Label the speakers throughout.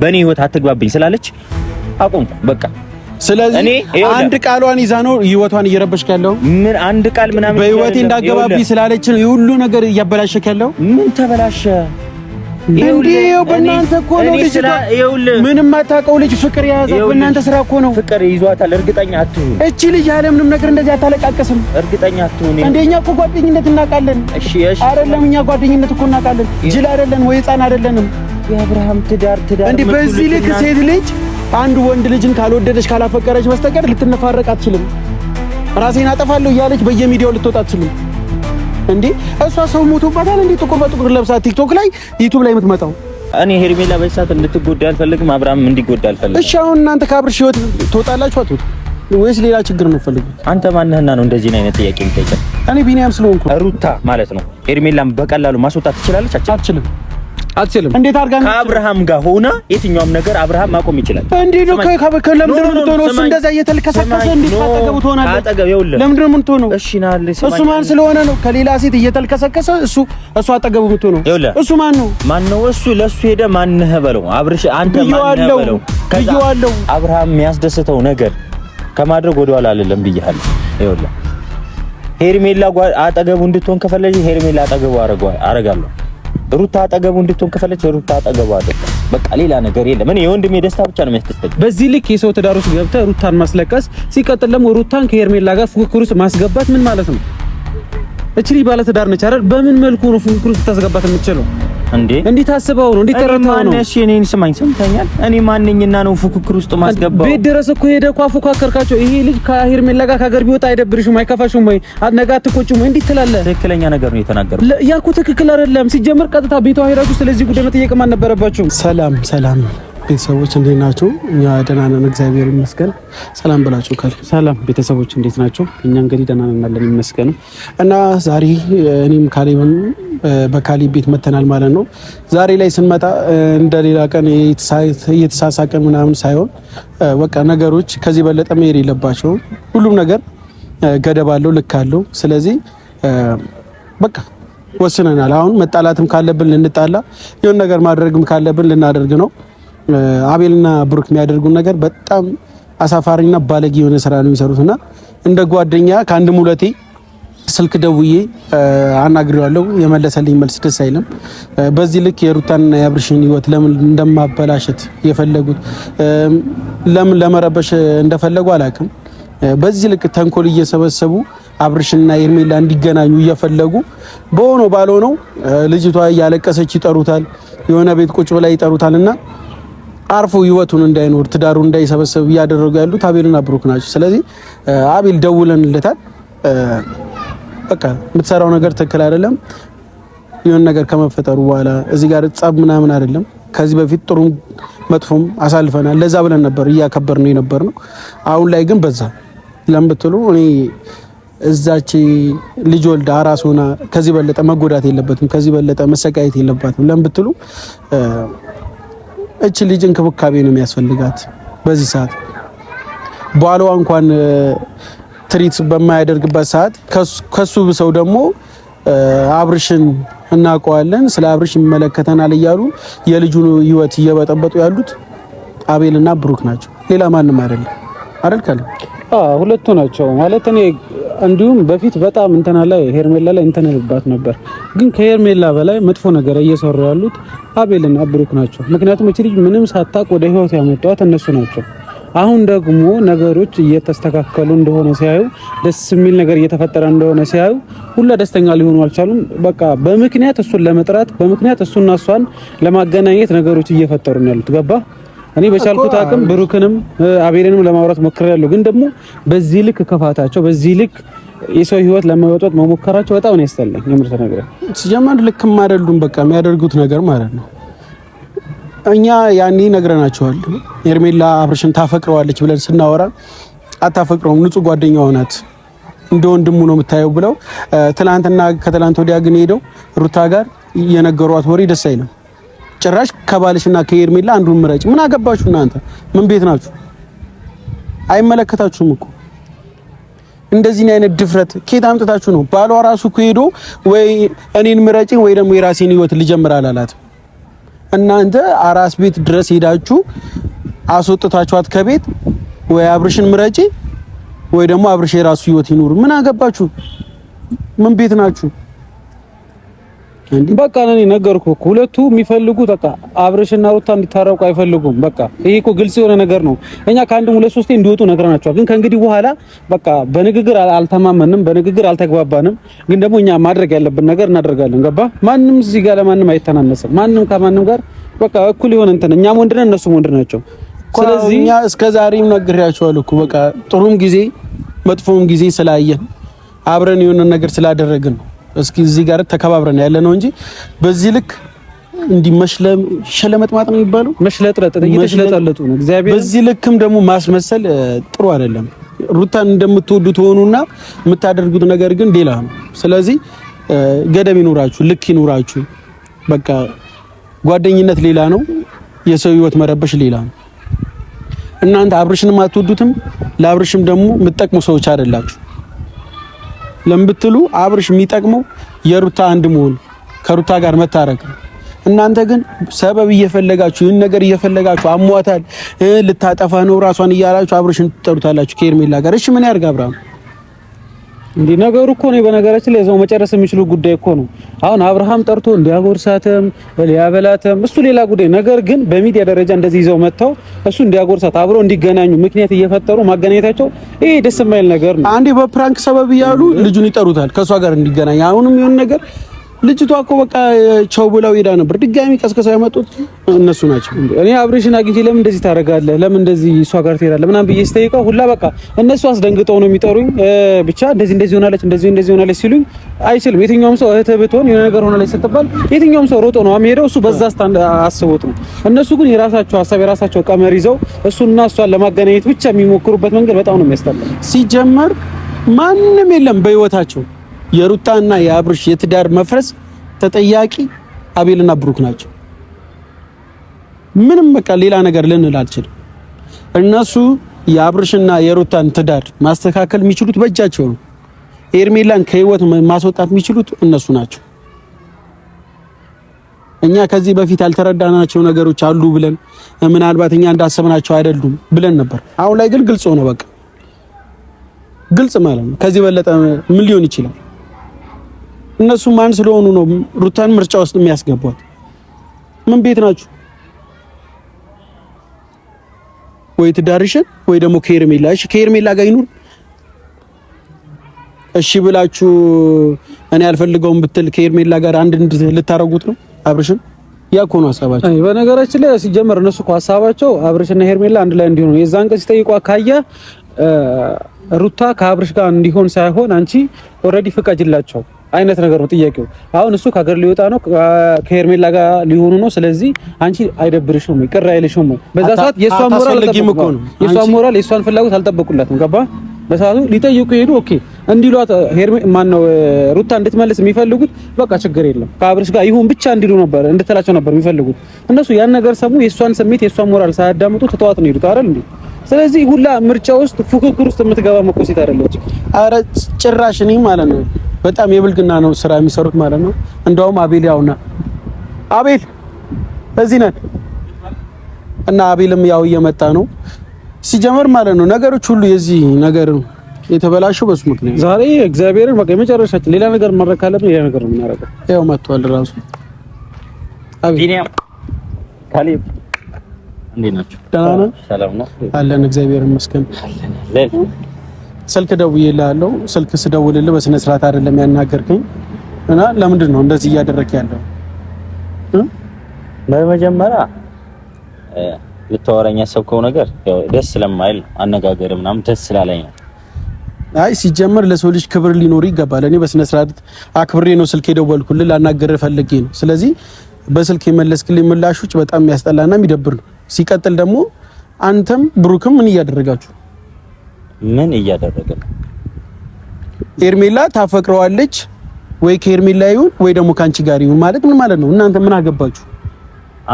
Speaker 1: በእኔ ህይወት አትግባብኝ ስላለች አቆምኩ በቃ።
Speaker 2: ስለዚህ አንድ ቃሏን ይዛ ነው ህይወቷን እየረበሽክ ያለው።
Speaker 1: ምን አንድ ቃል ምናምን
Speaker 2: በህይወቴ እንዳገባብኝ ስላለች ነው የሁሉ ነገር እያበላሸክ ያለው።
Speaker 1: ምን ተበላሸ?
Speaker 2: እንዲው በእናንተ እኮ ነው ልጅ ምንም አታውቀው ልጅ ፍቅር የያዛት በእናንተ ስራ እኮ ነው።
Speaker 1: ፍቅር ይዟታል። እርግጠኛ አትሁን።
Speaker 2: እቺ ልጅ ያለ ምንም ነገር እንደዚህ አታለቃቀስም።
Speaker 1: እርግጠኛ አትሁን።
Speaker 2: እንደኛ እኮ ጓደኝነት እናውቃለን። እሺ አይደለም፣ እኛ ጓደኝነት እኮ እናውቃለን። ጅል አይደለን ወይ ህፃን አይደለንም። የአብርሃም ትዳር ትዳር እንዴ! በዚህ ልክ ሴት ልጅ አንድ ወንድ ልጅን ካልወደደች ካላፈቀረች በስተቀር ልትነፋረቅ አትችልም። ራሴን አጠፋለሁ እያለች በየሚዲያው ልትወጣ አትችልም። እንዴ እሷ ሰው ሞቶባታል። እንዴ ጥቁር በጥቁር ለብሳ ቲክቶክ ላይ ዩቲዩብ ላይ የምትመጣው
Speaker 1: እኔ ሄርሜላ በሳት እንድትጎዳ አልፈልግም፣ አብርሃም እንዲጎዳ አልፈልግም።
Speaker 2: እሺ አሁን እናንተ ከአብርሽ ህይወት ትወጣላችሁ አትወጡ ወይስ ሌላ ችግር ነው ፈልጉ?
Speaker 1: አንተ ማንህና ነው እንደዚህ አይነት ጥያቄ የምጠይቀኝ?
Speaker 2: እኔ ቢኒያም ስለሆንኩ
Speaker 1: ሩታ ማለት ነው። ሄርሜላም በቀላሉ ማስወጣት ትችላለች?
Speaker 2: አትችልም አትችልም። እንዴት አድርጋ
Speaker 1: ከአብርሃም ጋር ሆና የትኛውም ነገር አብርሃም ማቆም ይችላል።
Speaker 2: እንዴ ነው ለምንድን ነው የምትሆነው? እሱ እንደዛ እየተልከሰከሰ እንዴት ካጠገቡ ትሆናለህ? ለምንድን ነው የምትሆነው? እሱ ማን ስለሆነ ነው ከሌላ ሴት እየተልከሰከሰ እሱ እሱ አጠገቡ የምትሆነው? እሱ ማን ነው?
Speaker 1: ማን ነው እሱ? ለሱ ሄደ ማን ማነህ በለው። አብርሽ አንተ ማን ማነህ በለው። ብዬዋለሁ። አብርሃም የሚያስደስተው ነገር ከማድረግ ወደኋላ አይደለም ብያለሁ። ይኸውልህ ሄርሜላ አጠገቡ እንድትሆን ከፈለግህ ሄርሜላ አጠገቡ አረጋለሁ ሩታ አጠገቡ እንድትሆን ከፈለች ሩታ አጠገቡ አይደለም። በቃ ሌላ ነገር የለም። እኔ የወንድሜ ደስታ ብቻ ነው የሚያስደስተኝ።
Speaker 2: በዚህ ልክ የሰው ትዳር ውስጥ ገብተህ ሩታን ማስለቀስ፣ ሲቀጥል ደግሞ ሩታን ከሄርሜላ ጋር ፉክክር ውስጥ ማስገባት ምን ማለት ነው? እችሊ ባለ ትዳር ነች አይደል? በምን መልኩ ነው ፉክክር ውስጥ ታስገባት የምትችለው? እንዴ እንዴት አስበው ነው? እንዴት ተረድተው ነው?
Speaker 1: ማነሽ እኔን ስማኝ፣ ሰምተኛል። እኔ ማንኝና ነው ፉክክር ውስጥ ማስገባው?
Speaker 2: ቤት ድረስ እኮ ሄደ እኮ አፎካከርካቸው። ይሄ ልጅ ከሄርሜላ ጋር ከሀገር ቢወጣ አይደብርሽም? አይከፋሽም ወይ? ነገ አትቆጭም? እንዴት ትላለህ?
Speaker 1: ትክክለኛ ነገር ነው የተናገረው
Speaker 2: ያልኩህ ትክክል አይደለም። ሲጀምር ቀጥታ ቤቷ ሄዳችሁ ስለዚህ ጉዳይ መጠየቅ አልነበረባችሁ። ሰላም ሰላም ቤተሰቦች እንዴት ናቸው? እኛ ደህና ነን፣ እግዚአብሔር ይመስገን። ሰላም ብላችሁ ካል
Speaker 1: ሰላም ቤተሰቦች እንዴት ናቸው? እኛ እንግዲህ ደህና ነን አለን ይመስገን።
Speaker 2: እና ዛሬ እኔም ካሌብም በካሌብ ቤት መተናል ማለት ነው። ዛሬ ላይ ስንመጣ እንደሌላ ቀን እየተሳሳቀን ምናምን ሳይሆን በቃ ነገሮች ከዚህ በለጠ መሄድ የለባቸው። ሁሉም ነገር ገደብ አለው፣ ልክ አለው። ስለዚህ በቃ ወስነናል። አሁን መጣላትም ካለብን ልንጣላ፣ የሆነ ነገር ማድረግም ካለብን ልናደርግ ነው። አቤልና ብሩክ የሚያደርጉን ነገር በጣም አሳፋሪና ባለጌ የሆነ ስራ ነው የሚሰሩትና እንደ ጓደኛ ከአንድም ሁለቴ ስልክ ደውዬ አናግሬዋለሁ። የመለሰልኝ መልስ ደስ አይልም። በዚህ ልክ የሩታንና የአብርሽን ህይወት ለምን እንደማበላሸት የፈለጉት ለምን ለመረበሽ እንደፈለጉ አላውቅም። በዚህ ልክ ተንኮል እየሰበሰቡ አብርሽና ኤርሜላ እንዲገናኙ እየፈለጉ በሆነ ባልሆነው ልጅቷ እያለቀሰች ይጠሩታል፣ የሆነ ቤት ቁጭ ብላ ይጠሩታል እና አርፎ ህይወቱን እንዳይኖር ትዳሩን እንዳይሰበሰብ እያደረጉ ያሉት አቤልና ብሩክ ናቸው። ስለዚህ አቤል ደውለንለታል። በቃ የምትሰራው ነገር ትክክል አይደለም። የሆነ ነገር ከመፈጠሩ በኋላ እዚህ ጋር ጸብ ምናምን አይደለም። ከዚህ በፊት ጥሩም መጥፎም አሳልፈናል። ለዛ ብለን ነበር እያከበር ነው የነበር ነው። አሁን ላይ ግን በዛ ለምን እኔ እዛች ልጅ ወልዳ አራስ ሆና ከዚህ በለጠ መጎዳት የለበትም፣ ከዚህ በለጠ መሰቃየት የለባትም። ለምን ብትሉ እች ልጅ እንክብካቤ ነው የሚያስፈልጋት በዚህ ሰዓት ባሏ እንኳን ትሪት በማያደርግበት ሰዓት ከሱ ሰው ደግሞ አብርሽን እናውቀዋለን፣ ስለ አብርሽ ይመለከተናል እያሉ የልጁን ህይወት እየበጠበጡ ያሉት አቤልና ብሩክ ናቸው። ሌላ ማንም አይደለም። አደልካለ
Speaker 1: ሁለቱ ናቸው ማለት እኔ እንዲሁም በፊት በጣም እንትና ላይ ሄርሜላ ላይ እንትንልባት ነበር፣ ግን ከሄርሜላ በላይ መጥፎ ነገር እየሰሩ ያሉት አቤልና ብሩክ ናቸው። ምክንያቱም እቺ ልጅ ምንም ሳታቅ ወደ ህይወት ያመጧት እነሱ ናቸው። አሁን ደግሞ ነገሮች እየተስተካከሉ እንደሆነ ሲያዩ፣ ደስ የሚል ነገር እየተፈጠረ እንደሆነ ሲያዩ ሁላ ደስተኛ ሊሆኑ አልቻሉም። በቃ በምክንያት እሱን ለመጥራት በምክንያት እሱና እሷን ለማገናኘት ነገሮች እየፈጠሩ ነው ያሉት። ገባ እኔ በቻልኩት አቅም ብሩክንም አቤልንም ለማውራት ሞክሬያለሁ። ግን ደግሞ በዚህ ልክ ከፋታቸው በዚህ ልክ የሰው ህይወት ለመወጣት መሞከራቸው በጣም ነው ያስጠላኝ። የምር ተነግረን
Speaker 2: ሲጀመር ልክም አይደሉም። በቃ የሚያደርጉት ነገር ማለት ነው እኛ ያኔ ነግረናቸዋል። ሄርሜላ አብርሽን ታፈቅረዋለች ብለን ስናወራ አታፈቅረውም፣ ንጹህ ጓደኛዋ ናት፣ እንደ ወንድሙ ነው የምታየው ብለው ትናንትና ከትናንት ወዲያ ግን ሄደው ሩታ ጋር የነገሯት ወሬ ደስ አይልም። ጭራሽ ከባልሽና ከሄርሜላ አንዱን ምረጭ። ምን አገባችሁ እናንተ? ምን ቤት ናችሁ? አይመለከታችሁም እኮ እንደዚህ አይነት ድፍረት ከየት አምጥታችሁ ነው? ባሏ ራሱ እኮ ሄዶ ወይ እኔን ምረጭ ወይ ደግሞ የራሴን ህይወት ልጀምር አላላትም። እናንተ አራስ ቤት ድረስ ሄዳችሁ አስወጥታችኋት ከቤት ወይ አብርሽን ምረጪ ወይ ደግሞ አብርሽ የራሱ ህይወት ይኑር። ምን አገባችሁ? ምን ቤት ናችሁ? በቃ እኔ ነገርኩ እኮ ሁለቱ የሚፈልጉት በቃ አብረሽና ሩታ እንዲታረቁ አይፈልጉም። በቃ ይሄ እኮ ግልጽ የሆነ ነገር ነው። እኛ ከአንድም ሁለት ሶስቴ እንዲወጡ ነግረናቸዋል። ግን ከእንግዲህ በኋላ በቃ በንግግር አልተማመንም፣ በንግግር አልተግባባንም። ግን ደግሞ እኛ ማድረግ ያለብን ነገር እናደርጋለን። ገባ? ማንም እዚህ ጋር ለማንም አይተናነስም። ማንም ከማንም ጋር በቃ እኩል የሆነ እንትን እኛም ወንድ ነን፣ እነሱም ወንድ ናቸው። ስለዚህ እኛ እስከ ዛሬም ነግሬያቸዋለሁ እኮ በቃ ጥሩም ጊዜ መጥፎም ጊዜ ስላየን አብረን የሆነ ነገር ስላደረግን ነው እስኪ እዚህ ጋር ተከባብረን ያለ ነው እንጂ በዚህ ልክ እንዲህ ሸለመጥማጥ ነው የሚባለው፣
Speaker 1: መሽለጥለጥ እየተሽለጠለጡ ነው። እግዚአብሔር
Speaker 2: በዚህ ልክም ደግሞ ማስመሰል ጥሩ አይደለም። ሩታን እንደምትወዱ ሆኑና የምታደርጉት ነገር ግን ሌላ ነው። ስለዚህ ገደብ ይኑራችሁ፣ ልክ ይኑራችሁ። በቃ ጓደኝነት ሌላ ነው፣ የሰው ህይወት መረበሽ ሌላ ነው። እናንተ አብርሽንም አትወዱትም፣ ለአብርሽም ደግሞ የምትጠቅሙ ሰዎች አይደላችሁ። ለምብትሉ አብርሽ የሚጠቅመው የሩታ አንድ መሆን ከሩታ ጋር መታረቅ ነው። እናንተ ግን ሰበብ እየፈለጋችሁ ይህን ነገር እየፈለጋችሁ አሟታል ልታጠፋ ነው ራሷን እያላችሁ አብርሽን ትጠሩታላችሁ ከኤርሜላ ጋር። እሺ ምን ያርግ አብርሃም እንዲህ ነገሩ እኮ ነው። በነገራችን ላይ እዛው መጨረስ የሚችሉ ጉዳይ እኮ ነው። አሁን አብርሃም ጠርቶ እንዲያጎርሳትም ሊያበላትም እሱ ሌላ ጉዳይ ነገር ግን በሚዲያ ደረጃ እንደዚህ ይዘው መጥተው እሱ እንዲያጎርሳት አብሮ እንዲገናኙ ምክንያት እየፈጠሩ ማገናኘታቸው ይሄ ደስ የማይል ነገር ነው። አንዴ በፕራንክ ሰበብ እያሉ ልጁን ይጠሩታል ከእሷ ጋር እንዲገናኝ አሁንም ይሁን ነገር ልጅቷ እኮ በቃ ቸው ብለው ሄዳ ነበር። ድጋሚ ቀስቀሳ ያመጡት እነሱ ናቸው። እኔ አብሬሽን አግኝቼ ለምን እንደዚህ ታደርጋለህ፣ ለምን እንደዚህ እሷ ጋር ትሄዳለህ ምናምን ብዬ ስጠይቀው ሁላ በቃ እነሱ አስደንግጠው ነው የሚጠሩኝ። ብቻ እንደዚህ እንደዚህ ሆናለች፣ እንደዚህ እንደዚህ ሆናለች ሲሉኝ አይችልም። የትኛውም ሰው እህትህ ብትሆን የሆነ ነገር ሆናለች ስትባል የትኛውም ሰው ሮጦ ነው የሚሄደው። እሱ በዛ ስታንድ አስቦት ነው። እነሱ ግን የራሳቸው ሀሳብ የራሳቸው ቀመር ይዘው እሱና እሷን ለማገናኘት ብቻ የሚሞክሩበት መንገድ በጣም ነው የሚያስጠላ። ሲጀመር ማንም የለም በህይወታቸው የሩታና የአብርሽ የትዳር መፍረስ ተጠያቂ አቤልና ብሩክ ናቸው። ምንም በቃ ሌላ ነገር ልንል አልችልም። እነሱ የአብርሽና የሩታን ትዳር ማስተካከል የሚችሉት በእጃቸው ነው። ኤርሜላን ከህይወት ማስወጣት የሚችሉት እነሱ ናቸው። እኛ ከዚህ በፊት ያልተረዳናቸው ነገሮች አሉ ብለን ምናልባት እኛ እንዳሰብናቸው አይደሉም ብለን ነበር። አሁን ላይ ግን ግልጽ ሆነ። በቃ ግልጽ ማለት ነው። ከዚህ በለጠ ምን ሊሆን ይችላል? እነሱ ማን ስለሆኑ ነው ሩታን ምርጫ ውስጥ የሚያስገቧት? ምን ቤት ናችሁ? ወይ ትዳርሽን ወይ ደግሞ ከሄርሜላ። እሺ ከሄርሜላ ጋር ይኑር እሺ ብላችሁ እኔ አልፈልገውም ብትል ከሄርሜላ ጋር አንድ ልታረጉት ነው አብርሽን? ያ እኮ ነው ሀሳባቸው። በነገራችን ላይ ሲጀመር እነሱ እኮ ሀሳባቸው አብርሽና ሄርሜላ አንድ ላይ እንዲሆኑ የዛን ቀን ሲጠይቋ ካየ ሩታ ከአብርሽ ጋር እንዲሆን ሳይሆን አንቺ ኦልሬዲ ፍቀጅላቸው አይነት ነገር ነው ጥያቄው። አሁን እሱ ከሀገር ሊወጣ ነው፣ ከሄርሜላ ጋር ሊሆኑ ነው። ስለዚህ አንቺ አይደብርሽም? ቅር አይልሽም? በዛ ሰዓት የእሷን ሞራል ነው። የእሷን ሞራል የሷን ፍላጎት አልጠበቁላትም። ገባ በሰዓቱ ሊጠይቁ ይሄዱ። ኦኬ እንዲሏት ሄርሜ ማን ነው ሩታ እንድትመልስ የሚፈልጉት በቃ ችግር የለም ከአብርሽ ጋር ይሁን ብቻ እንዲሉ ነበር እንድትላቸው ነበር የሚፈልጉት እነሱ። ያን ነገር ሰሙ። የሷን ስሜት የእሷን ሞራል ሳያዳምጡ ትተዋት ነው ሄዱት አይደል እንዴ? ስለዚህ ሁላ ምርጫ ውስጥ ፉክክር ውስጥ የምትገባ መቆሴት አይደለች። አረ ጭራሽ እኔ ማለት ነው በጣም የብልግና ነው ስራ የሚሰሩት ማለት ነው። እንደውም አቤል ያውና አቤል በዚህ ነን እና አቤልም ያው እየመጣ ነው ሲጀመር ማለት ነው። ነገሮች ሁሉ የዚህ ነገር የተበላሸው በሱ ምክንያት
Speaker 1: ዛሬ እግዚአብሔርን በቃ የመጨረሻችን ሌላ ነገር ማድረግ ካለብን ሌላ ነገር ነው የምናደርገው።
Speaker 2: ያው መጥቷል ራሱ
Speaker 1: አቤል ካሌብ እንዴት ናችሁ?
Speaker 2: ደህና ነን አለን እግዚአብሔር ይመስገን። ስልክ ደውዬልሃለሁ። ስልክ ስደውልልህ በስነ ስርዓት አይደለም ያናገርከኝ እና ለምንድን ነው እንደዚህ እያደረክ ያለው?
Speaker 1: በመጀመሪያ ልታወራኝ ያሰብከው ነገር ደስ ስለማይል አነጋገር ምናምን ደስ ስላለኝ ነው።
Speaker 2: አይ ሲጀመር ለሰው ልጅ ክብር ሊኖር ይገባል። እኔ በስነ ስርዓት አክብሬ ነው ስልክ የደወልኩልህ፣ ላናገርህ ፈልጌ ነው። ስለዚህ በስልክ የመለስክልኝ ምላሾች በጣም የሚያስጠላና የሚደብር ነው። ሲቀጥል ደግሞ አንተም ብሩክም ምን እያደረጋችሁ
Speaker 1: ምን እያደረገ ነው?
Speaker 2: ኤርሜላ ታፈቅረዋለች ወይ ከኤርሜላ ይሁን ወይ ደግሞ ከአንቺ ጋር ይሁን ማለት ምን ማለት ነው? እናንተ ምን አገባችሁ?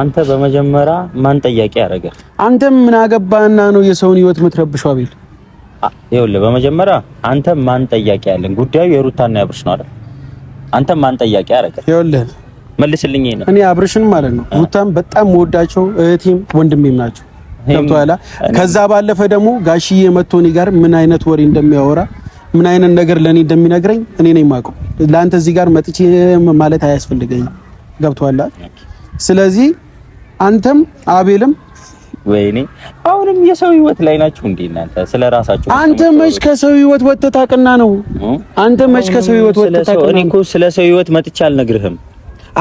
Speaker 1: አንተ በመጀመሪያ ማን ጠያቂ ያደረገ?
Speaker 2: አንተም ምን አገባና ነው የሰውን ህይወት የምትረብሸው? አቤል
Speaker 1: ይኸውልህ፣ በመጀመሪያ አንተ ማን ጠያቂ ያለን? ጉዳዩ የሩታና ያብርሽ ነው አይደል? አንተ ማን ጠያቂ ያደረገ? ይኸውልህ መልስልኝ።
Speaker 2: እኔ አብርሽን ማለት ነው ሩታም በጣም መወዳቸው እህቴም ወንድሜም ናቸው። ገብቶሃል። ከዛ ባለፈ ደግሞ ጋሽዬ መጥቶ እኔ ጋር ምን አይነት ወሬ እንደሚያወራ ምን አይነት ነገር ለኔ እንደሚነግረኝ እኔ ነኝ የማውቀው። ለአንተ እዚህ ጋር መጥቼ ማለት አያስፈልገኝ ገብቶሃል። ስለዚህ አንተም አቤልም
Speaker 1: ወይኔ አሁንም የሰው ህይወት ላይ ናችሁ እንዴ እናንተ? ስለ ራሳችሁ
Speaker 2: አንተ መች ከሰው ህይወት ወጥተህ ታውቅና ነው? አንተ መች ከሰው ህይወት ወጥተህ ታውቅና
Speaker 1: ነው? እኔ እኮ ስለ ሰው ህይወት መጥቼ አልነግርህም።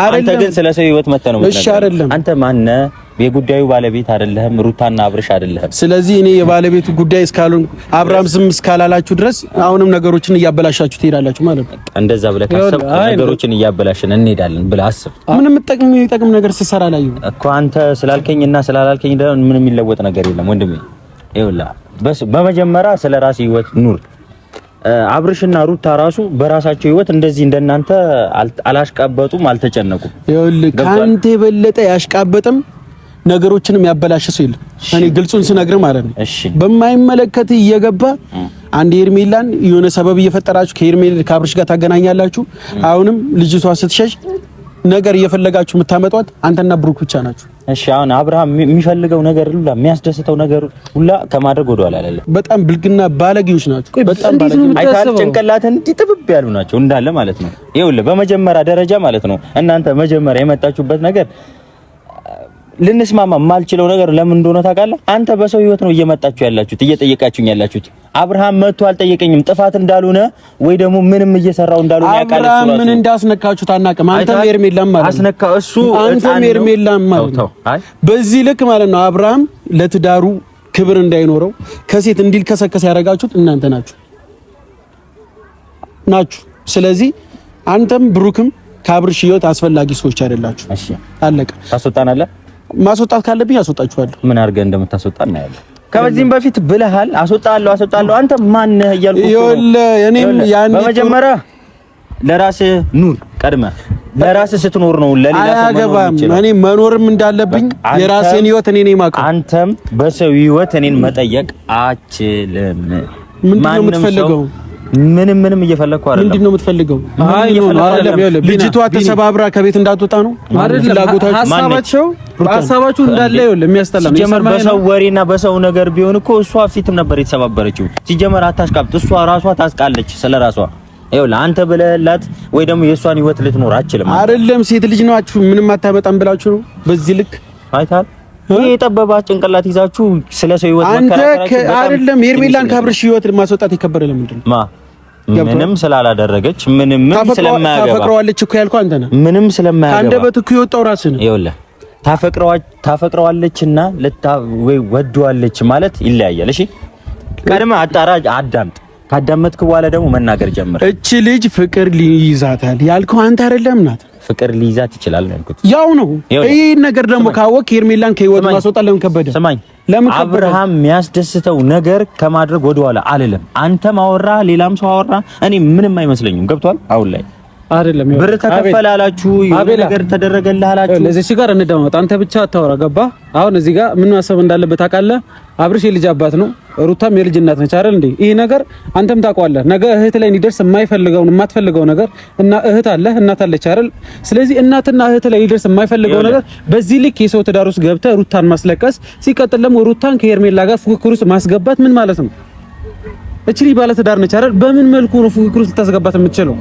Speaker 1: አንተ ግን ስለ ሰው ህይወት መጥተህ ነው እሺ። አይደለም አንተ ማነ? የጉዳዩ ባለቤት አይደለህም፣ ሩታና አብርሽ አይደለህም።
Speaker 2: ስለዚህ እኔ የባለቤቱ ጉዳይ እስካሉን አብርሃም ዝም እስካላላችሁ ድረስ አሁንም ነገሮችን እያበላሻችሁ ትሄዳላችሁ ማለት ነው።
Speaker 1: እንደዛ ብለህ ካሰብክ ነገሮችን እያበላሽን እንሄዳለን ብለህ አስብ።
Speaker 2: ምንም የምጠቅም የሚጠቅም ነገር ስትሰራ ላይ
Speaker 1: እኮ አንተ ስላልከኝና ስላላልከኝ ምንም የሚለወጥ ነገር የለም ወንድሜ። ይኸውልህ በመጀመሪያ ስለ ራስህ ህይወት ኑር አብርሽና ሩታ ራሱ በራሳቸው ህይወት እንደዚህ እንደናንተ አላሽቃበጡም፣ አልተጨነቁም።
Speaker 2: ይኸውልህ ከአንተ የበለጠ ያሽቃበጥም ነገሮችንም ያበላሽ ሰው የለም። እኔ ግልጹን ስነግር ማለት ነው። በማይመለከት እየገባ አንድ ኤርሜላን የሆነ ሰበብ እየፈጠራችሁ ከሄርሜላ ከአብርሽ ጋር ታገናኛላችሁ። አሁንም ልጅቷ ስትሸሽ ነገር እየፈለጋችሁ የምታመጧት አንተና ብሩክ ብቻ ናችሁ።
Speaker 1: እሺ አሁን አብርሃም የሚፈልገው ነገር ሁላ የሚያስደስተው ነገር ሁላ ከማድረግ ወደ ኋላ አይደለም።
Speaker 2: በጣም ብልግና ባለጌዎች ናቸው።
Speaker 1: በጣም ጭንቅላትን እንዲህ ጥብብ ያሉ ናቸው እንዳለ ማለት ነው። ይኸውልህ በመጀመሪያ ደረጃ ማለት ነው እናንተ መጀመሪያ የመጣችሁበት ነገር ልንስማማ የማልችለው ነገር ለምን እንደሆነ ታውቃለህ? አንተ በሰው ህይወት ነው እየመጣችሁ ያላችሁት እየጠየቃችሁኝ ያላችሁት። አብርሃም መጥቶ አልጠየቀኝም ጥፋት እንዳልሆነ ወይ ደግሞ ምንም እየሰራው እንዳልሆነ
Speaker 2: ያውቃል። አብርሃም ምን እንዳስነካችሁት አናውቅም። አንተ ሄርሜላም ማለት
Speaker 1: አስነካ እሱ
Speaker 2: አንተ ሄርሜላም ማለት በዚህ ልክ ማለት ነው አብርሃም ለትዳሩ ክብር እንዳይኖረው ከሴት እንዲልከሰከስ ያደረጋችሁት እናንተ ናችሁ ናችሁ። ስለዚህ አንተም ብሩክም ከአብርሽ ህይወት አስፈላጊ ሰዎች አይደላችሁ። አለቀ። ታስወጣናለህ ማስወጣት ካለብኝ አስወጣችኋለሁ።
Speaker 1: ምን አድርገህ እንደምታስወጣ እናያለን። ከበዚህም በፊት ብለሃል፣ አስወጣለሁ አስወጣለሁ። አንተ ማን ነህ እያልኩ
Speaker 2: እኔም ያን
Speaker 1: በመጀመሪያ ለራስህ ኑር ቀድመህ ለራስህ ስትኖር ነው ለሌላ
Speaker 2: ሰው አያገባም። እኔ መኖርም እንዳለብኝ የራሴን ህይወት እኔ ነኝ የማውቀው።
Speaker 1: አንተም በሰው ህይወት እኔን መጠየቅ አችልም።
Speaker 2: ምንድን ነው የምትፈልገው?
Speaker 1: ምንም ምንም እየፈለግኩ
Speaker 2: አይደለም። ምንድን ነው የምትፈልገው? ልጅቷ ተሰባብራ ከቤት እንዳትወጣ ነው
Speaker 1: ሀሳባቸው። ሀሳባችሁ እንዳለ ይኸውልህ፣ የሚያስጠላ ሲጀመር በሰው ወሬና በሰው ነገር ቢሆን እኮ እሷ ፊትም ነበር የተሰባበረችው። ሲጀመር አታሽቃብጥ፣ እሷ ራሷ ታስቃለች ስለ ራሷ። ይኸውልህ አንተ ብለህላት ወይ ደግሞ የእሷን ህይወት ልትኖር አችልም።
Speaker 2: አይደለም ሴት ልጅ ናችሁ ምንም አታመጣም ብላችሁ ነው በዚህ ልክ
Speaker 1: አይታል ይሄ የጠበባ ጭንቅላት ይዛችሁ ስለ ሰው ህይወት
Speaker 2: መከራከራችሁ። አንተ አይደለም ሄርሜላን ካብርሽ ህይወት ማስወጣት የከበደ ለምንድን
Speaker 1: ነው? ምንም ስላላደረገች ምንም
Speaker 2: ስለማያገባ ታፈቅረዋለች እኮ ያልኩህ አንተ ነህ።
Speaker 1: ምንም ስለማያገባ
Speaker 2: ከአንደበት እኮ የወጣው ራስህ ነህ።
Speaker 1: ይኸውልህ ታፈቅረዋለችና ለታ ወይ ወዷለች ማለት ይለያያል። እሺ ቀድመህ አጣራ፣ አዳምጥ። ካዳመጥክ በኋላ ደግሞ መናገር ጀምር።
Speaker 2: እቺ ልጅ ፍቅር ሊይዛታል ያልከው አንተ አይደለም ናት
Speaker 1: ፍቅር ሊይዛት ይችላል ነው ያልኩት
Speaker 2: ያው ነው። ይሄ ነገር ደግሞ ካወቅ ሄርሜላን ከህይወት ማስወጣት ለምን ከበደ?
Speaker 1: ስማኝ አብርሃም የሚያስደስተው ነገር ከማድረግ ወደኋላ አልልም። አንተም አወራ፣ ሌላም ሰው አወራ፣ እኔ ምንም አይመስለኝም። ገብቷል አሁን ላይ አይደለም ብር ተከፈለ አላችሁ፣ የሆነ ነገር ተደረገልህ አላችሁ።
Speaker 2: እዚህ ጋር እንደማውጣ አንተ ብቻ አታወራ። ገባ አሁን እዚህ ጋር ምን ማሰብ እንዳለበት አውቃለህ። አብርሽ የልጅ አባት ነው፣ ሩታም የልጅ እናት ነች አይደል እንዴ? ይሄ ነገር አንተም ታውቀዋለህ። ነገ እህት ላይ እንዲደርስ የማይፈልገውን የማትፈልገው ነገር እና እህት አለ እናት አለች አይደል? ስለዚህ እናትና እህት ላይ ሊደርስ የማይፈልገው ነገር በዚህ ልክ የሰው ትዳር ውስጥ ገብተህ ሩታን ማስለቀስ፣ ሲቀጥል ደግሞ ሩታን ከሄርሜላ ጋር ፉክክር ውስጥ ማስገባት ምን ማለት ነው? እቺ ልጅ ባለ ትዳር ነች አይደል? በምን መልኩ ነው ፉክክር ውስጥ ልታስገባት የምትችለው?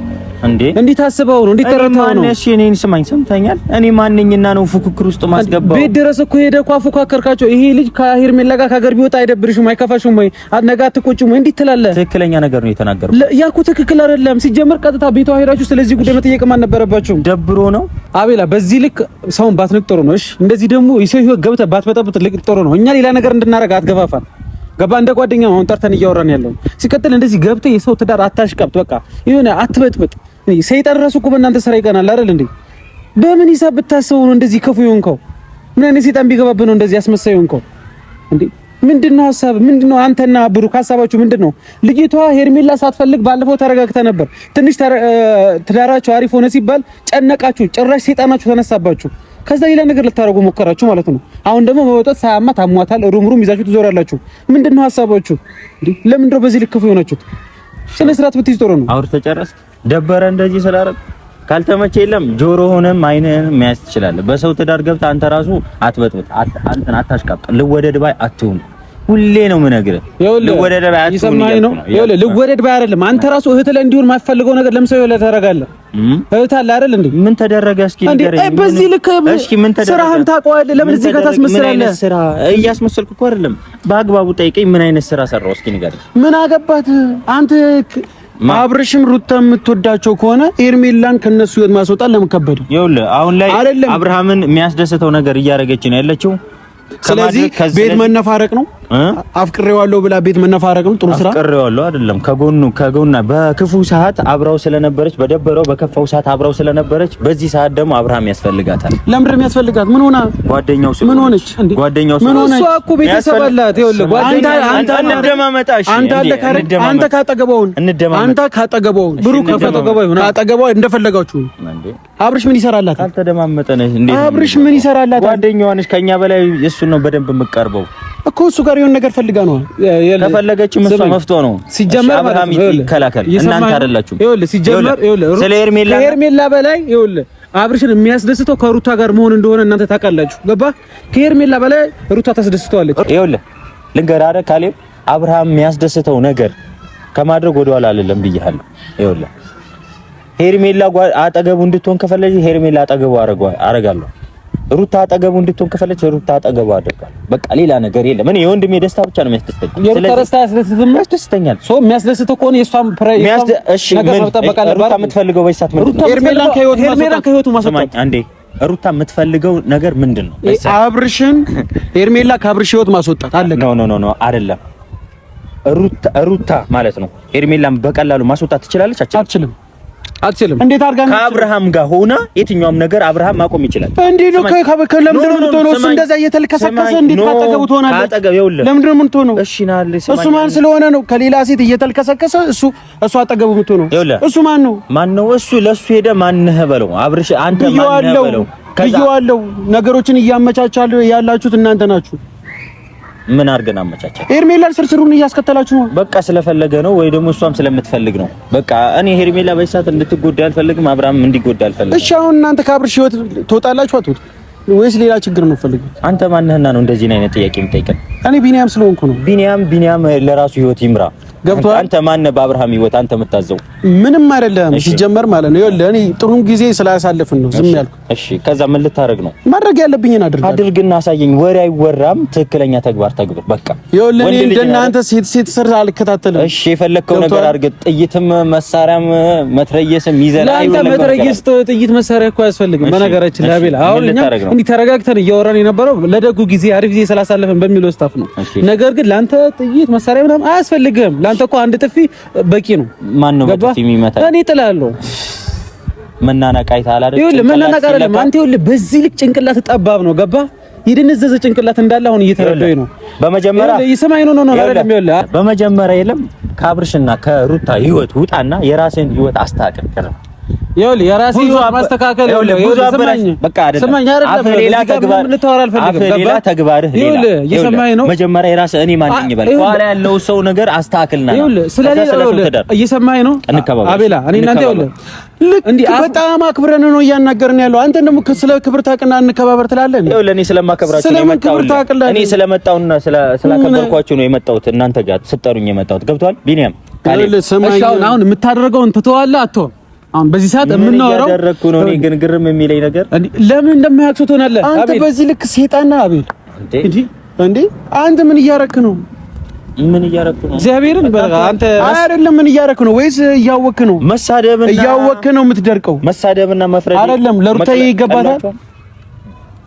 Speaker 2: እንዴ እንዴ ታስበው ነው? እንዴ ተረታው ነው?
Speaker 1: እሺ እኔን ስማኝ፣ ሰምተኛል። እኔ ማንኝና ነው ፉክክር ውስጥ ማስገባው?
Speaker 2: ቤት ድረስ እኮ ሄደ እኮ አፎካከርካቸው። ይሄ ልጅ ከሄርሜላ ጋር ከሀገር ቢወጣ አይደብርሽም? አይከፋሽም ወይ? አነጋ አትቆጭም ወይ? እንዴት ትላለህ?
Speaker 1: ትክክለኛ ነገር ነው የተናገረው።
Speaker 2: ያ እኮ ትክክል አይደለም። ሲጀምር ቀጥታ ቤቷ ሄዳችሁ ስለዚህ ጉዳይ መጠየቅ አልነበረባችሁም። ደብሮ ነው አቤላ። በዚህ ልክ ሰውን ባትንቅ ጥሩ ነው። እሺ እንደዚህ ደግሞ የሰው ህይወት ገብተህ ባትበጠብጥ ልቅ ጥሩ ነው። እኛ ሌላ ነገር እንድናረግ አትገፋፋን። ገባ እንደ ጓደኛ አሁን ጠርተን እያወራን ያለው ሲቀጥል፣ እንደዚህ ገብተህ የሰው ትዳር አታሽቀብጥ። በቃ ይሁን አትበጥበጥ። እኔ ሰይጣን ራሱ እኮ በእናንተ ስራ ይቀናል አይደል እንዴ? በምን ሂሳብ ብታስቡ ነው እንደዚህ ክፉ የሆንከው? ምን አይነት ሰይጣን ቢገባብህ ነው እንደዚህ አስመሳይ የሆንከው እንዴ? ምንድነው ሀሳብ? ምንድነው አንተና ብሩክ ሀሳባችሁ ምንድነው? ልጅቷ ሄርሜላ ሳትፈልግ ባለፈው ተረጋግተ ነበር። ትንሽ ትዳራችሁ አሪፍ ሆነ ሲባል ጨነቃችሁ። ጭራሽ ሰይጣናችሁ ተነሳባችሁ። ከዛ ሌላ ነገር ልታደርጉ ሞከራችሁ ማለት ነው። አሁን ደግሞ መወጣት ሳያማት አሟታል። ሩም ሩም ይዛችሁ ትዞራላችሁ። ምንድን ነው ሀሳባችሁ? ለምንድን ነው በዚህ ልክ ክፉ የሆናችሁት? ስነ ስርዓት ብትይዝ ጥሩ ነው።
Speaker 1: አውር ተጨረስ ደበረ እንደዚህ ስላደረግ ካልተመቸ የለም ሆነም አይንህንም መያዝ ትችላለህ። በሰው ትዳር ገብተህ አንተ ራሱ አትበጥብጥ፣ አታሽቃብጥ፣ ልወደድ ባይ አትሁን። ሁሌ ነው የምነግርህ።
Speaker 2: ልወደድ ባይ አይደለም አንተ ራሱ እህት ላይ እንዲሆን የማትፈልገው ነገር ለምሳ ወለ ተረጋለህ እህት አለ አይደል እንዴ?
Speaker 1: ምን ተደረገ? እስኪ
Speaker 2: ንገረኝ። በዚህ ልክ እስኪ ምን ተደረገ? ስራህን ታውቀዋለህ። ለምን እዚህ ጋር ታስመስላለህ?
Speaker 1: ስራ እያስመሰልኩ እኮ አይደለም። በአግባቡ ጠይቀኝ። ምን አይነት ስራ ሰራው? እስኪ ንገረኝ።
Speaker 2: ምን አገባት አንተ አብርሽም ሩታ የምትወዳቸው ከሆነ ኤርሜላን ከነሱ ህይወት ማስወጣት ለምን ከበደ?
Speaker 1: ይኸውልህ አሁን ላይ አብርሃምን የሚያስደስተው ነገር እያደረገች ነው ያለችው።
Speaker 2: ስለዚህ ቤት መነፋረቅ ነው አፍቅሬዋለሁ ብላ ቤት መነፋረቅ ነው ጥሩ ስራ?
Speaker 1: አፍቅሬዋለሁ አይደለም፣ ከጎኑ ከጎና በክፉ ሰዓት አብራው ስለነበረች፣ በደበረው በከፋው ሰዓት አብራው ስለነበረች፣ በዚህ ሰዓት ደግሞ አብርሃም ያስፈልጋታል።
Speaker 2: ለምንድን ነው ያስፈልጋት? ምን ሆና? ጓደኛው ስለሆነ ምን ሆነች? ጓደኛው ስለሆነ እሷ እኮ ቤተሰብ አላት። ይኸውልህ ጓደኛ አንተ
Speaker 1: እንደማመጣሽ
Speaker 2: አንተ አለ ካረ አንተ ካጠገበውን አንተ ካጠገበውን ብሩክ ካጠገበው ይሆናል ካጠገበው እንደፈለጋችሁ አብርሽ ምን ይሰራላት?
Speaker 1: አልተደማመጠነሽ
Speaker 2: እንዴ? አብርሽ ምን ይሰራላት?
Speaker 1: ጓደኛዋ ነሽ። ከኛ በላይ እሱ ነው በደንብ የምቀርበው
Speaker 2: እኮ እሱ ጋር የሆነ ነገር ፈልጋ ነው
Speaker 1: ከፈለገች እሷ መፍቶ ነው ሲጀመር አብርሃም ይከላከል እናንተ አይደላችሁ።
Speaker 2: ይኸውልህ ሲጀመር ይኸውልህ ስለ ሄርሜላ ከሄርሜላ በላይ ይኸውልህ አብርሽን የሚያስደስተው ከሩታ ጋር መሆን እንደሆነ እናንተ ታውቃላችሁ ገባ ከሄርሜላ በላይ ሩታ ታስደስተዋለች
Speaker 1: ይኸውልህ ልንገርህ አረ ካሌብ አብርሃም የሚያስደስተው ነገር ከማድረግ ወደኋላ አይደለም ብያለሁ ይኸውልህ ሄርሜላ አጠገቡ እንድትሆን ከፈለገ ሄርሜላ አጠገቡ አረጋለሁ ሩታ አጠገቡ እንድትሆን ከፈለች ሩታ አጠገቡ አደርጋለሁ። በቃ ሌላ ነገር የለም። እኔ የወንድሜ ደስታ ብቻ ነው የሚያስደስተኝ።
Speaker 2: የሩታ ደስታ ያስደስተም ያስደስተኛል። ሶ የሚያስደስተው ከሆነ የሷም
Speaker 1: ፕራይ እሺ፣ ነገር መጠበቅ አለበት። ሩታ የምትፈልገው በዚህ ሰዓት
Speaker 2: ምንድን ነው? ሄርሜላን ከህይወቱ
Speaker 1: ማስወጣት አንዴ ሩታ የምትፈልገው ነገር ምንድን ነው?
Speaker 2: አብርሽን ሄርሜላ ከአብርሽ ህይወት ማስወጣት
Speaker 1: አለ። ኖ ኖ ኖ አይደለም። ሩታ ሩታ ማለት ነው ሄርሜላን በቀላሉ ማስወጣት ትችላለች?
Speaker 2: አችልም አትችልም።
Speaker 1: እንዴት አድርጋ ከአብርሃም ጋር ሆና የትኛውም ነገር አብርሃም ማቆም ይችላል። እንዴት
Speaker 2: ነው ለምንድን ነው የምትሆነው? እሱ እንደዛ እየተልከሰከሰ እንዴት ካጠገቡ ትሆናለህ? ለምንድን ነው የምትሆነው? እሱ ማን ስለሆነ ነው? ከሌላ ሴት እየተልከሰከሰ እሱ እሱ አጠገቡ የምትሆነው እሱ ማን ነው?
Speaker 1: ማን ነው እሱ? ለእሱ ሄደህ ማንህ በለው። አብርሽ አንተ ማንህ በለው
Speaker 2: ብዬዋለሁ። ነገሮችን እያመቻቻለሁ ያላችሁት እናንተ ናችሁ።
Speaker 1: ምን አድርገን አመቻቸው?
Speaker 2: ሄርሜላን ስርስሩን እያስከተላችሁ ነው።
Speaker 1: በቃ ስለፈለገ ነው ወይ ደግሞ እሷም ስለምትፈልግ ነው። በቃ እኔ ሄርሜላ በሳት እንድትጎዳ አልፈልግም፣ አብርሃም እንዲጎዳ አልፈልግም።
Speaker 2: እሺ አሁን እናንተ ከአብርሽ ህይወት ትወጣላችሁ አትወጡ ወይስ ሌላ ችግር ነው ፈልጉት?
Speaker 1: አንተ ማንህና ነው እንደዚህ አይነት ጥያቄ የምጠይቀን?
Speaker 2: እኔ ቢኒያም ስለሆንኩ ነው።
Speaker 1: ቢኒያም ቢኒያም ለራሱ ህይወት ይምራ። ገብቷል። አንተ ማን ነህ? በአብርሃም ህይወት አንተ የምታዘው
Speaker 2: ምንም አይደለም ሲጀመር ማለት ነው። ይኸውልህ እኔ ጥሩን ጊዜ ስላሳለፍን ነው ዝም ያልኩ።
Speaker 1: እሺ፣ ከዛ ምን ልታደርግ ነው?
Speaker 2: ማድረግ ያለብኝን
Speaker 1: አድርግ አድርግና አሳየኝ። ወሬ አይወራም፣ ትክክለኛ ተግባር ተግብር። በቃ
Speaker 2: ይኸውልህ እኔ እንደናንተ ሴት ሴት ስር አልከታተልም።
Speaker 1: እሺ፣ የፈለግከው ነገር አድርግ። ጥይትም መሳሪያም መትረየስም
Speaker 2: ይዘላ አይወለም። ለአንተ መትረየስ ጥይት መሳሪያ እኮ አያስፈልግም። በነገራችን ላይ አቤል አሁን እኛ እንዲህ ተረጋግተን እያወራን የነበረው ለደጉ ጊዜ አሪፍ ጊዜ ስላሳለፈን በሚለው ስታፍ ነው። ነገር ግን ለአንተ ጥይት መሳሪያ ምናምን አያስፈልግህም። ለአንተ እኮ አንድ ጥፊ በቂ ነው።
Speaker 1: ማን ነው በጥፊ የሚመታ? እኔ እጥላለሁ። መናናቅ አይተሃል አይደል?
Speaker 2: ይኸውልህ መናናቅ አይደለም። አንተ ይኸውልህ በዚህ ልክ ጭንቅላት ጠባብ ነው። ገባህ? የደነዘዘ ጭንቅላት እንዳለ አሁን እየተረዳሁኝ ነው። በመጀመሪያ ይሰማኝ ነው ነው ነው
Speaker 1: አይደለም። ይኸውልህ በመጀመሪያ የለም ከአብርሽና ከሩታ ህይወት ውጣና የራስህን ህይወት አስተካክል። ይኸውልህ የራሴ ማስተካከል ሌላ
Speaker 2: ተግባር ነው።
Speaker 1: መጀመሪያ የራስህ እኔ ማን ነኝ በል። ኋላ ያለው ሰው ነገር አስተካክልና
Speaker 2: እየሰማኸኝ ነው አቤላ። እኔ እናንተ ይኸውልህ በጣም አክብረን ነው እያናገርን ያለው። አንተ ደግሞ ስለ ክብር ታውቅና እንከባበር ትላለህ። ይኸውልህ እኔ ስለማከብራችሁ እኔ ስለመጣሁና ስላከበርኳችሁ ነው የመጣሁት። እናንተ ጋር ስጠሩኝ የመጣሁት ገብቶሃል? ቢኒያም አሁን የምታደርገውን ትተዋለህ አትተውም? አሁን በዚህ ሰዓት የምናወራው ያደረኩ ነው። እኔ ግን ግርም የሚለኝ ነገር ለምን እንደማያውቅ ትሆናለህ አንተ። በዚህ ልክ ሴጣና አቤል እንዴ እንዴ! አንተ ምን እያረክ ነው? ምን እያረክ ነው? እግዚአብሔርን በቃ አንተ አይደለም። ምን እያረክ ነው? ወይስ እያወክ ነው? መሳደብና እያወክ ነው የምትደርቀው። መሳደብና መፍረድ አይደለም። ለሩታዬ ይገባታል።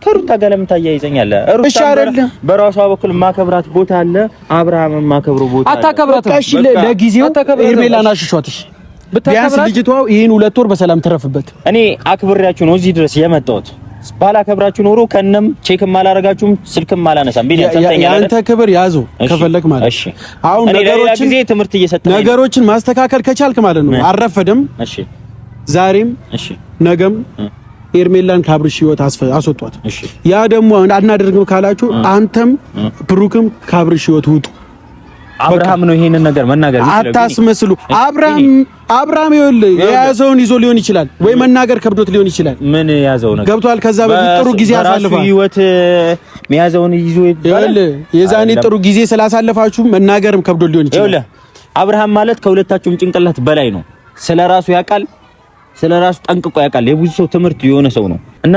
Speaker 2: ከሩታ ጋር ለምን ታያይዘኛለህ? ሩታ አይደለም። በራሷ በኩል ማከብራት ቦታ አለ። አብርሃም ማከብሩ ቦታ አታከብራት። እሺ ለጊዜው ኤርሜላን አሽሿት። እሺ ቢያንስ ልጅቷ ይህን ሁለት ወር በሰላም ትረፍበት። እኔ አክብሬያችሁ ነው እዚህ ድረስ የመጣሁት። ባላከብራችሁ ኖሮ ከነም ቼክም አላረጋችሁም፣ ስልክም አላነሳም። የአንተ ክብር ያዙ ከፈለክ ማለት እሺ። አሁን ነገሮችን ትምህርት እየሰጠን ነገሮችን ማስተካከል ከቻልክ ማለት ነው። አረፈደም፣ እሺ፣ ዛሬም፣ እሺ፣ ነገም ኤርሜላን ካብርሽ ህይወት አስወጧት። ያ ደግሞ አናደርግም ካላችሁ አንተም ብሩክም ካብርሽ ህይወት ውጡ። አብርሃም ነው ይሄንን ነገር መናገር አታስመስሉ። አብርሃም አብርሃም ይወል የያዘውን ይዞ ሊሆን ይችላል ወይ መናገር ከብዶት ሊሆን ይችላል። ምን የያዘው ነገር ገብቷል። ከዛ በፊት ጥሩ ጊዜ አሳልፋችሁ ህይወት የያዘውን ይዞ ይባል የዛኔ ጥሩ ጊዜ ስላሳለፋችሁ መናገርም ከብዶት ሊሆን ይችላል። አብርሃም ማለት ከሁለታችሁም ጭንቅላት በላይ ነው። ስለራሱ ያውቃል። ስለራሱ ጠንቅቆ ያውቃል። የብዙ ሰው ትምህርት የሆነ ሰው ነው እና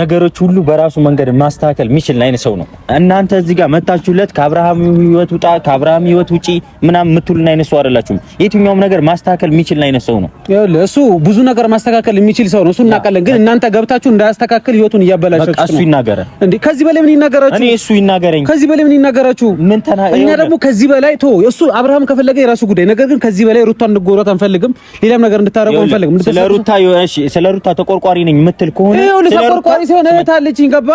Speaker 2: ነገሮች ሁሉ በራሱ መንገድ ማስተካከል የሚችል አይነት ሰው ነው። እናንተ እዚህ ጋር መታችሁለት ከአብርሃም ህይወት ውጣ፣ ከአብርሃም ህይወት ውጪ ምናምን የምትሉ አይነት ሰው አይደላችሁም። የትኛውም ነገር ማስተካከል የሚችል አይነት ሰው ነው። እሱ ብዙ ነገር ማስተካከል የሚችል ሰው ነው። እሱ እናውቃለን። ግን እናንተ ገብታችሁ እንዳያስተካከል ህይወቱን እያበላሻችሁ ነው። እሱ ይናገረ እንዴ? ከዚህ በላይ ምን ይናገራችሁ? እኔ እሱ ይናገረኝ። ከዚህ በላይ ምን ይናገራችሁ? ምን ተና እኛ ደግሞ ከዚህ በላይ ቶ እሱ አብርሃም ከፈለገ የራሱ ጉዳይ። ነገር ግን ከዚህ በላይ ሩታ እንድትጎዳት አንፈልግም። ሌላም ነገር እንድታረገው አንፈልግም። ስለ ሩታ ስለ ሩታ ተቆርቋሪ ነኝ የምትል ከሆነ ስለ ተቆርቋሪ ዛሬ ሲሆን እህት አለችኝ ገባ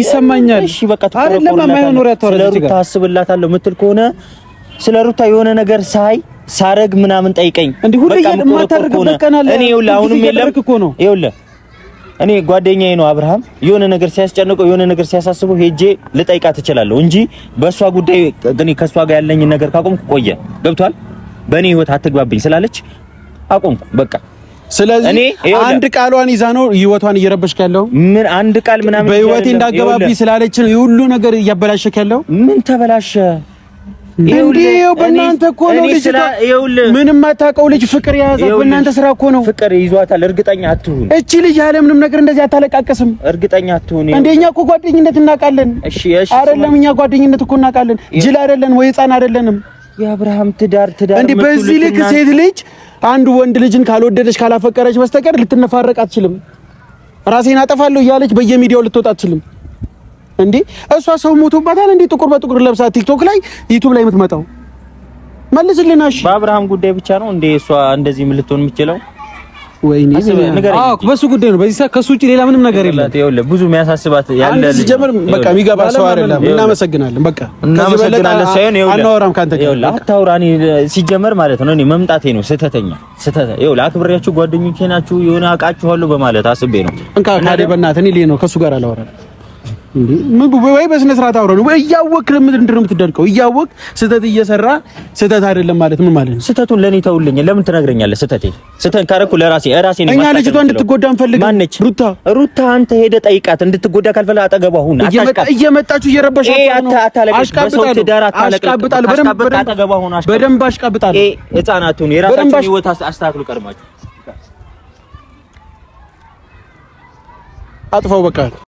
Speaker 2: ይሰማኛል። እሺ በቃ አይደለም ማይሆን ወሬ ከሆነ ስለ ሩታ የሆነ ነገር ሳይ ሳረግ ምናምን ጠይቀኝ። እንዲህ ሁሉ የማታርግበት ቀን አለ። እኔ ይኸውልህ አሁንም የለም ይኸውልህ እኔ ጓደኛዬ ነው አብርሃም። የሆነ ነገር ሲያስጨንቀው የሆነ ነገር ሲያሳስበው ሄጄ ልጠይቃት እችላለሁ እንጂ በእሷ ጉዳይ ግን ከእሷ ጋር ያለኝን ነገር ካቆምኩ ቆየ። ገብቷል። በእኔ ህይወት አትግባብኝ ስላለች አቆምኩ በቃ ስለዚህ አንድ ቃሏን ይዛ ነው ህይወቷን እየረበሽ ያለው። ምን አንድ ቃል ምናምን በህይወቴ እንዳገባቢ ስላለች ነው የሁሉ ነገር እያበላሸክ ያለው። ምን ተበላሸ? ይኸውልህ በእናንተ እኮ ነው ልጅ ምንም አታውቀው ልጅ ፍቅር የያዛት በእናንተ ስራ እኮ ነው። ፍቅር ይዟታል። እርግጠኛ አትሁን። እቺ ልጅ ያለ ምንም ነገር እንደዚህ አታለቃቀስም። እርግጠኛ አትሁን። እንደኛ እኮ ጓደኝነት እናውቃለን። እሺ እሺ፣ አይደለም እኛ ጓደኝነት እኮ እናውቃለን። ጅል አይደለን ወይ ህፃን አይደለንም። የአብርሃም ትዳር ትዳር እንዴ! በዚህ ልክ ሴት ልጅ አንድ ወንድ ልጅን ካልወደደች ካላፈቀረች በስተቀር ልትነፋረቅ አትችልም። ራሴን አጠፋለሁ እያለች በየሚዲያው ልትወጣ አትችልም። እንዴ እሷ ሰው ሞቶባታል። እንዴ ጥቁር በጥቁር ለብሳ ቲክቶክ ላይ ዩቲዩብ ላይ የምትመጣው መልስልናሽ። በአብርሃም ጉዳይ ብቻ ነው እንዴ እሷ እንደዚህ ልትሆን የምችለው? ወይኔ በሱ ጉዳይ ነው። በዚህ ሰዓት ከሱ ውጪ ሌላ ምንም ነገር የለም። ይኸውልህ ብዙ የሚያሳስባት ያለ ሲጀምር በቃ የሚገባ ሰው አይደለም። እናመሰግናለን። በቃ እናመሰግናለን ሳይሆን አናወራም ከአንተ ጋር አታውራ። እኔ ሲጀመር ማለት ነው እኔ መምጣቴ ነው ስህተተኛ ስህተት። ይኸውልህ አክብሬያችሁ ጓደኞቼ ናችሁ የሆነ አውቃችኋለሁ በማለት አስቤ ነው። እንካ ካዴ በእናትህ እኔ ልሄድ ነው ከሱ ጋር አላወራም ወይ በስነ ስርዓት አውራ ነው። እያወቅህ ነው የምትደርቀው? እያወቅህ ስህተት እየሰራ ስህተት አይደለም ማለት ምን ማለት ነው? ስህተቱን ለኔ ተውልኝ። ለምን ትነግረኛለህ? ስህተቴ ስህተት ካደረኩ ለራሴ እራሴ ነኝ። እኛ ልጅቷ እንድትጎዳ ማነች? ሩታ ሩታ፣ አንተ ሄደህ ጠይቃት። እንድትጎዳ አጠገቧ ሁን። እየመጣችሁ አጥፋው። በቃ